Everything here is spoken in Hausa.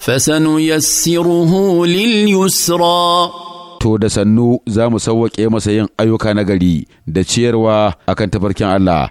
فسنيسره لليسرى to da sannu za mu sauwaƙe masa yin ayyuka na gari da ciyarwa akan tafarkin Allah